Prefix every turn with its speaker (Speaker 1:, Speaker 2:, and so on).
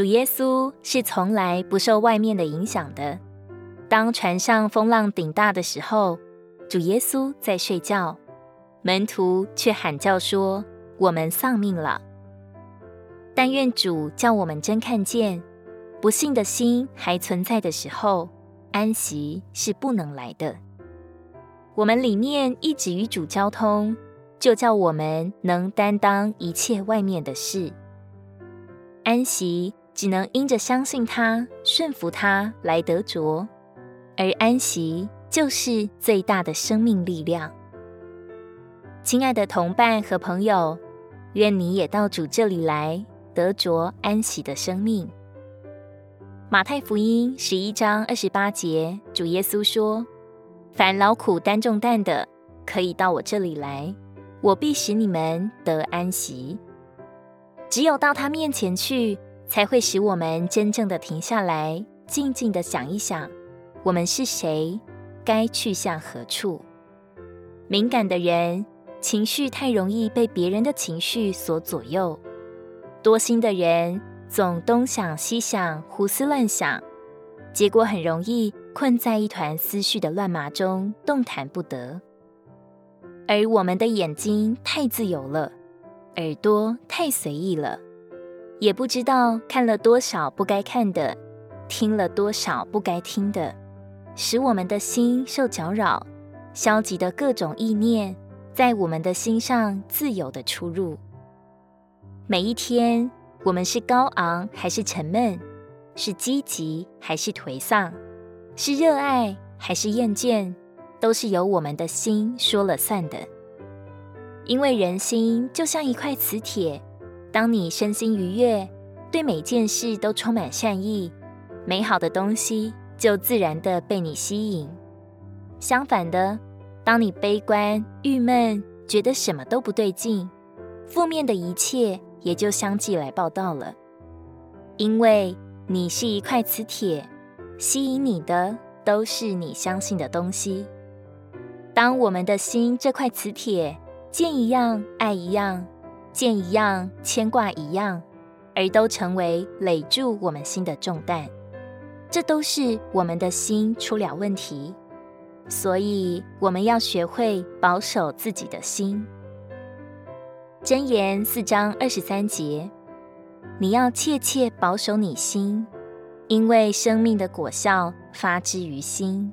Speaker 1: 主耶穌是從來不受外面的影響的。當船上風浪頂大的時候，主耶穌在睡覺，門徒卻喊叫說：“我們喪命了。”但願主叫我們真看見，不信的心還存在的時候，安息是不能來的。我們裡面一直與主交通，就叫我們能擔當一切外面的事，安息。只能因着相信他、順服他來得着，而安息就是最大的生命力量。親愛的同伴和朋友，願你也到主這裡來，得着安息的生命。馬太福音十一章二十八節，主耶穌說：“凡勞苦擔重擔的，可以到我這裡來，我必使你們得安息。”只有到他面前去。才會使我們真正的停下來，靜靜的想一想，我們是誰，該去向何處。敏感的人，情緒太容易被別人的情緒所左右；多心的人，總東想西想，胡思亂想，結果很容易困在一團思緒的亂麻中，動彈不得。而我們的眼睛太自由了，耳朵太隨意了。也不知道看了多少不該看的，聽了多少不該聽的，使我們的心受攪擾。消極的各種意念在我們的心上自由的出入。每一天，我們是高昂還是沉悶，是積極還是頹喪，是熱愛還是厭倦，都是由我們的心說了算的。因為人心就像一塊磁鐵。當你身心愉悅，對每件事都充滿善意，美好的東西就自然地被你吸引。相反的，當你悲觀、鬱悶，覺得什麼都不對勁，負面的一切也就相繼來報到了。因為你是一塊磁鐵，吸引你的都是你相信的東西。當我們的心這塊磁鐵，見一樣愛一樣。見一樣，牽掛一樣，而都成為累住我們心的重擔。這都是我們的心出了問題，所以我們要學會保守自己的心。箴言四章二十三節，你要切切保守你心，因為生命的果效發之於心。